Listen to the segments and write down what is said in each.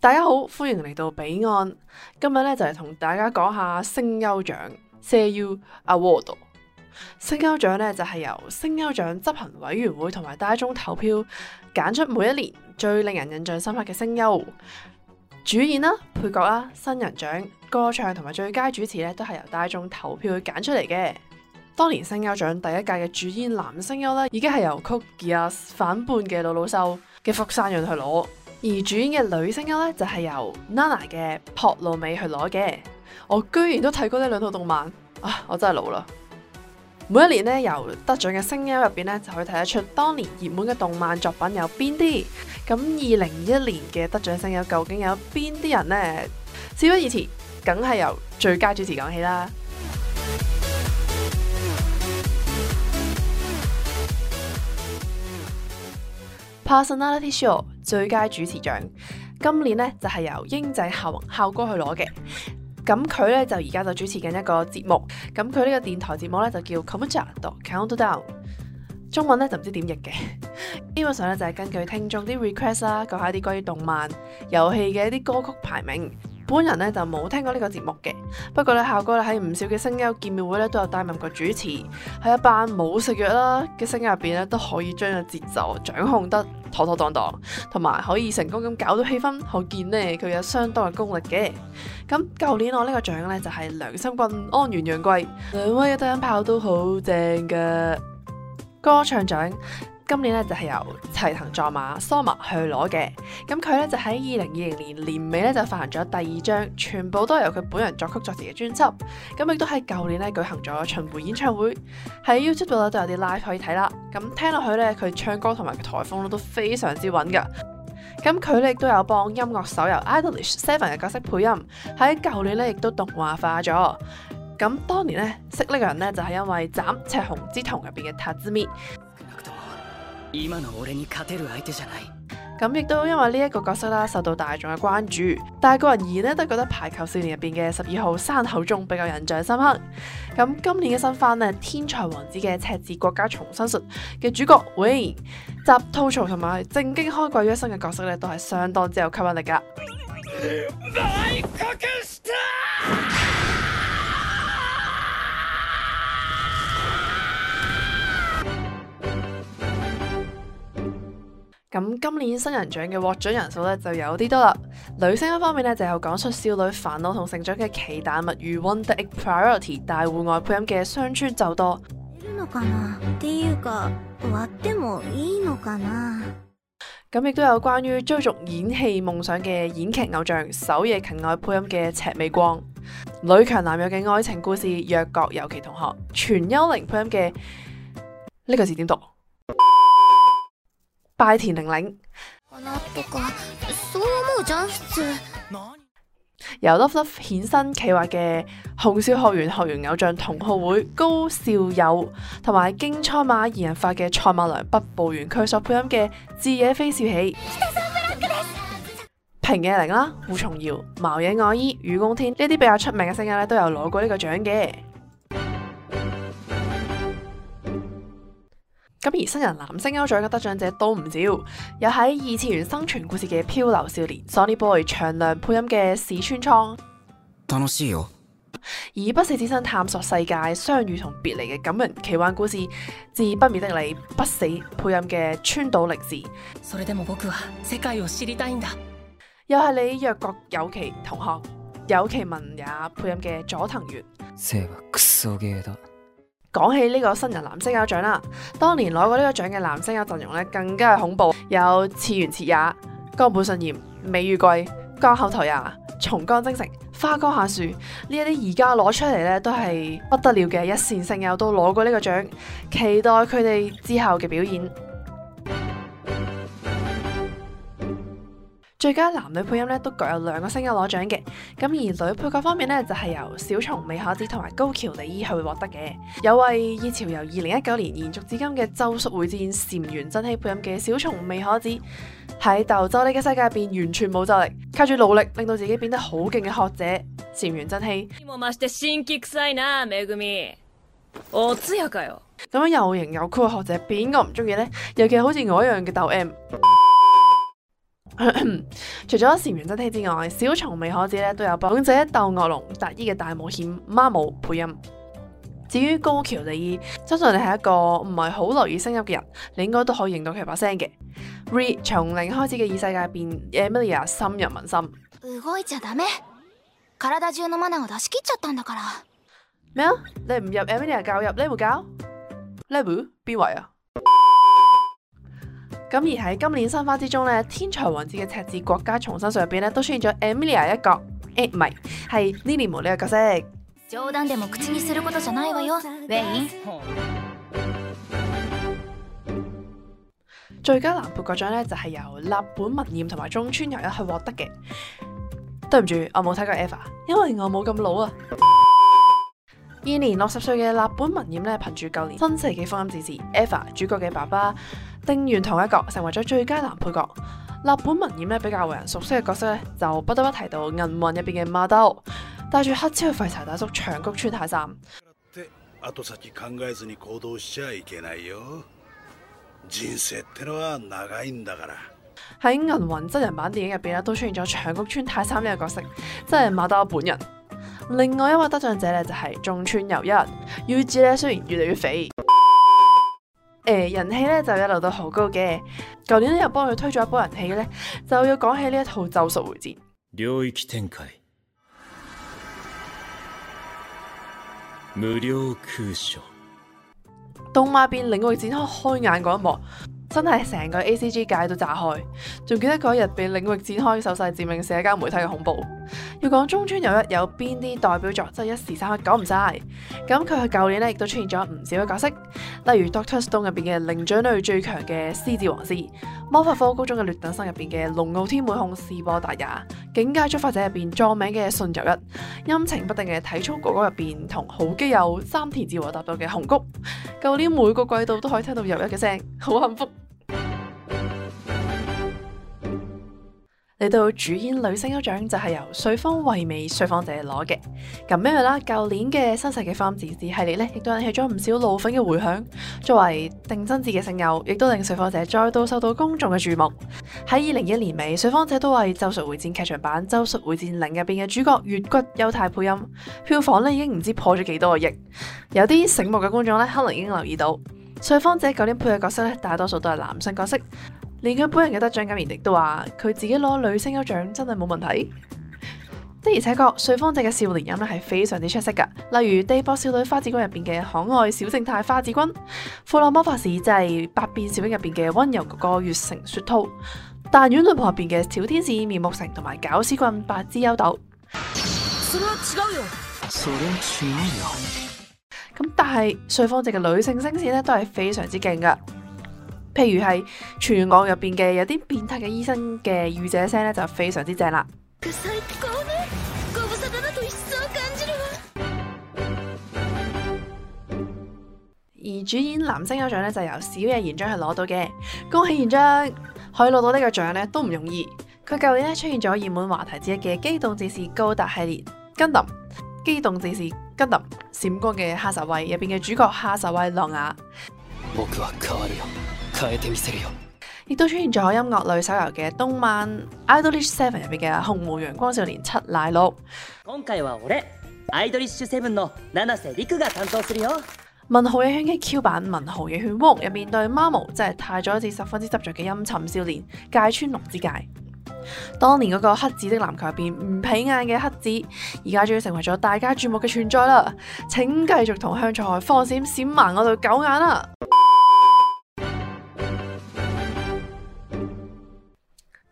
大家好，歡迎嚟到彼岸。今日咧就係、是、同大家講下聲優獎 （Seiyu Award）。聲優獎咧就係由聲優獎執行委員會同埋大眾投票揀出每一年最令人印象深刻嘅聲優。主演啦、配角啦、新人獎、歌唱同埋最佳主持咧都係由大眾投票揀出嚟嘅。當年聲優獎第一屆嘅主演男聲優咧，已經係由 Code Geass 反叛嘅老老壽嘅福山潤去攞。而主演嘅女聲音咧就係由 Nana 嘅朴璐美去攞嘅，我居然都睇過呢兩套動漫，啊，我真係老啦！每一年咧由得獎嘅聲優入邊呢，就可以睇得出當年熱門嘅動漫作品有邊啲，咁二零二一年嘅得獎聲優究竟有邊啲人呢？事不宜遲，梗係由最佳主持講起啦。Personality Show。最佳主持獎，今年呢就係、是、由櫻井孝宏去攞嘅，咁佢呢就而家就主持緊一個節目，咁佢呢個電台節目呢就叫 Kamucha Do Countdown，中文呢就唔知點譯嘅，基 本上呢就係、是、根據聽眾啲 request 啦，講下啲關於動漫、遊戲嘅一啲歌曲排名。本人咧就冇聽過呢個節目嘅，不過咧孝哥咧喺唔少嘅聲優見面會咧都有擔任過主持，喺一班冇食藥啦嘅聲優入邊咧都可以將個節奏掌控得妥妥當當，當，同埋可以成功咁搞到氣氛，可見呢，佢有相當嘅功力嘅。咁舊年我呢個獎呢，就係、是、良心棍安元洋貴兩位嘅低音炮都好正㗎。歌唱獎。今年咧就係由齊藤壯馬 Soma 去攞嘅。咁佢咧就喺二零二零年年尾咧就發行咗第二張全部都係由佢本人作曲作詞嘅專輯，咁亦都喺舊年咧舉行咗巡迴演唱會，喺 YouTube 度都有啲 live 可以睇啦，咁聽落去咧佢唱歌同埋台風咧都非常之穩噶，咁佢咧亦都有幫音樂手遊 Idolish Seven 嘅角色配音，喺舊年咧亦都動畫化咗，咁當年咧識呢個人咧就係因為《斬赤紅之瞳》入邊嘅 Tatsumi 咁亦都因為呢一個角色啦，受到大眾嘅關注。但係個人而言，都覺得排球少年入邊嘅十二號山口忠比較印象深刻。咁今年嘅新番呢，《天才王子嘅赤字國家重生術》嘅主角，喂，集吐槽同埋正經開掛於一身嘅角色呢，都係相當之有吸引力噶。 咁今年新人獎嘅獲獎人數咧就有啲多啦。女星一方面咧就係講出少女煩惱同成長嘅《奇蛋物語》Wonder Egg Priority 大戶外配音嘅相川奏多。咁亦都有關於追逐演戲夢想嘅演劇偶像首夜勤愛配音嘅赤尾光，女強男弱，嘅愛情故事弱角友崎同學全幽靈配音嘅呢、這個字點讀？稗田寧寧。 由 Love Live 衍生企劃嘅虹咲學園學園偶像同好會高咲侑，同埋京昌馬二人發嘅賽馬娘北部玄駒所配音嘅矢野妃菜喜。 平野綾啦，胡松耀、茅野愛衣、雨宮天呢啲比較出名嘅聲音咧，都有攞過呢個獎嘅。咁而新人男聲優獎嘅得獎者都唔少，有喺二次元生存故事嘅漂流少年 Sonny Boy 長良配音嘅市川蒼，以不死之身探索世界相遇同別離嘅感人奇幻故事《致不滅的你》不死配音嘅川島零士，又係你弱角友崎同學友崎文也配音嘅佐藤元， 講起呢個新人男優獎啦，當年攞過呢個獎嘅男優有陣容咧，更加係恐怖，有柿原徹也、岡本信彦、梶裕貴、江口拓也、松岡禎丞，花江夏樹呢一啲，而家攞出嚟咧都係不得了嘅一線聲優，都攞過呢個獎，期待佢哋之後嘅表演。最佳男女配音咧都各有兩個聲優攞獎嘅，咁而女配角方面咧就係、是、由小松未可子同埋高橋李依去獲得嘅。有位熱潮由二零一九年延續至今嘅咒術迴戰禪院真希配音嘅小松未可子，喺斗周呢嘅世界入邊完全冇咒力，靠住努力令到自己變得好勁嘅學者禪院真希。咁樣又型又酷嘅學者，邊個唔中意呢？尤其係好似我一樣嘅豆 M。 除咗《善人真體》之外，《小松未可子》咧都有《勇者鬥惡龍達伊嘅大冒險》母、《媽母》配音。至於高橋李依，相信你係一個唔係好留意聲音嘅人，你應該都可以認到佢把聲嘅。Re 從零開始嘅異世界變，Emilia 深入民心。咩啊？你唔入 Emilia 教入教，你會搞？你唔邊位啊？咁而喺今年新花之中咧，《天才王子嘅赤字國家重生》上入邊咧，都出現咗 Emilia 一角，誒唔係，係 Ninym 嘅角色。 最佳男配角獎咧，就係由立木文彥同埋中村悠一去獲得嘅。對唔住，我冇睇過 Eva，因為我冇咁老啊。今 年六十歲嘅立木文彥咧，憑住舊年新世紀福音戰士 Eva 主角嘅爸爸。飾演同一個，成為咗最佳男配角。立木文彥咧比較為人熟悉嘅角色咧，就不得不提到銀魂入邊嘅馬兜，戴住黑超嘅廢柴大叔長谷川泰三。喺銀魂真人版電影入邊咧，都出現咗長谷川泰三呢個角色，真係馬兜本人。另外一位得獎者咧就係、是、中村悠一，UZ 咧雖然越嚟越肥。誒、欸，人氣咧就一流到好高嘅，舊年又幫佢推咗一波人氣咧，就要講起呢一套《咒術回戰》。領域展開，無量空處。動畫變領域展開開眼嗰一幕，真係成個 A C G 界都炸開，仲記得嗰日被領域展開手勢致命社交媒體嘅恐怖。要講中村悠一有邊啲代表作，真係一時三刻講唔晒。咁佢喺舊年咧，亦都出現咗唔少嘅角色，例如 Doctor Stone 入邊嘅靈長類最強嘅獅子王司，魔法科高中嘅劣等生入邊嘅龍傲天妹控司波達也，境界觸發者入邊著名嘅迅悠一，陰晴不定嘅體操哥哥入邊同好基友三田治和搭到嘅紅谷。舊年每個季度都可以聽到悠一嘅聲，好幸福。到主演女優獎就係、是、由緒方惠美緒方姐攞嘅。咁樣啦，舊年嘅新世紀福音戰士系列咧，亦都引起咗唔少老粉嘅回響。作為碇真嗣嘅聲優，亦都令緒方姐再度受到公眾嘅注目。喺二零一年尾，緒方姐都為《咒術迴戰》劇場版《咒術迴戰零》入邊嘅主角乙骨憂太配音。票房咧已經唔知破咗幾多個億。有啲醒目嘅觀眾咧，可能已經留意到，緒方姐舊年配嘅角色咧，大多數都係男性角色。連佢本人嘅得獎感言亦都話，佢自己攞女聲嘅獎真係冇問題。的而且確，緒方姐嘅少年音呢係非常之出色噶，例如《地縛少女花子君》入邊嘅可愛小正太花子君，《庫洛魔法使》即係《百變小櫻》入邊嘅溫柔哥哥月城雪兔，《但院輪回》入邊嘅小天使面目成同埋搞屎棍白之優斗。咁但係緒方姐嘅女性聲線呢，都係非常之勁噶。譬如係全港入邊嘅有啲變態嘅醫生嘅御姐聲咧，就非常之正啦。而主演男星優獎咧就由小野賢章去攞到嘅，恭喜賢章可以攞到呢個獎咧都唔容易。佢舊年咧出現咗熱門話題之一嘅《機動戰士高達》系列，am,《金林》。機動戰士金林》閃光嘅哈薩維》入邊嘅主角哈薩維諾亞。亦都出現咗音樂類手遊嘅《動漫 IDOLiSH7 入邊嘅紅毛陽光少年七瀨陸。文豪野犬嘅 Q 版文豪野犬汪入面對貓 l 真係太宰治十分之執着嘅陰沉少年芥川龍之介。當年嗰個黑子的籃球入邊唔起眼嘅黑子，而家終於成為咗大家注目嘅存在啦！請繼續同香菜放閃閃盲我對狗眼啦！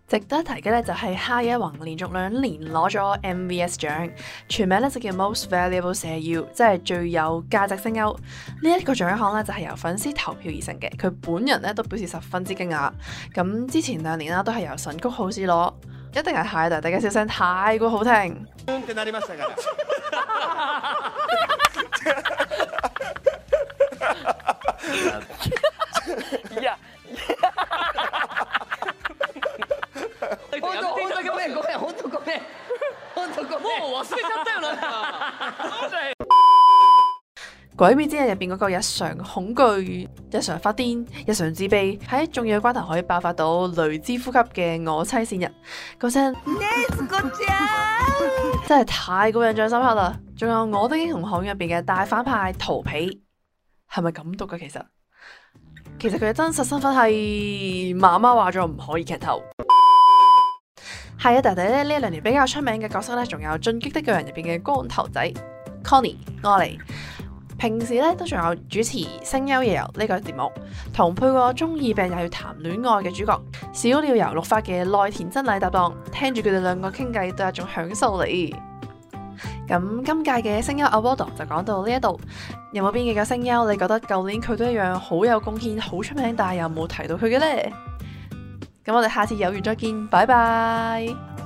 值得提嘅咧就係下野紘連續兩年攞咗 MVS 獎，全名咧就叫 Most Valuable 聲優即係最有價值聲優。呢、這、一個獎項咧就係由粉絲投票而成嘅，佢本人咧都表示十分之驚訝。咁之前兩年啦都係由神谷浩史攞，一定係太大，大家笑聲太過好聽。 鬼滅之刃入邊嗰個日常恐懼、日常發癲、日常自卑，喺重要嘅關頭可以爆發到雷之呼吸嘅我妻善逸，嗰聲 真係太過印象深刻啦！仲有我的英雄行入邊嘅大反派桃皮，係咪咁讀噶？其實，其實佢嘅真實身份係媽媽話咗唔可以劇透。係啊，弟弟咧呢兩年比較出名嘅角色咧，仲有《進擊的巨人》入邊嘅光頭仔 Conny 阿，嚟平時咧都仲有主持《聲優夜遊》呢個節目，同配過中二病又要談戀愛嘅主角小鳥遊六花嘅內田真禮搭檔，聽住佢哋兩個傾偈都係一種享受嚟。咁今屆嘅聲優 Award 就講到呢一度，有冇邊幾個聲優你覺得舊年佢都一樣好有貢獻、好出名，但係又冇提到佢嘅呢？咁我哋下次有緣再見，拜拜。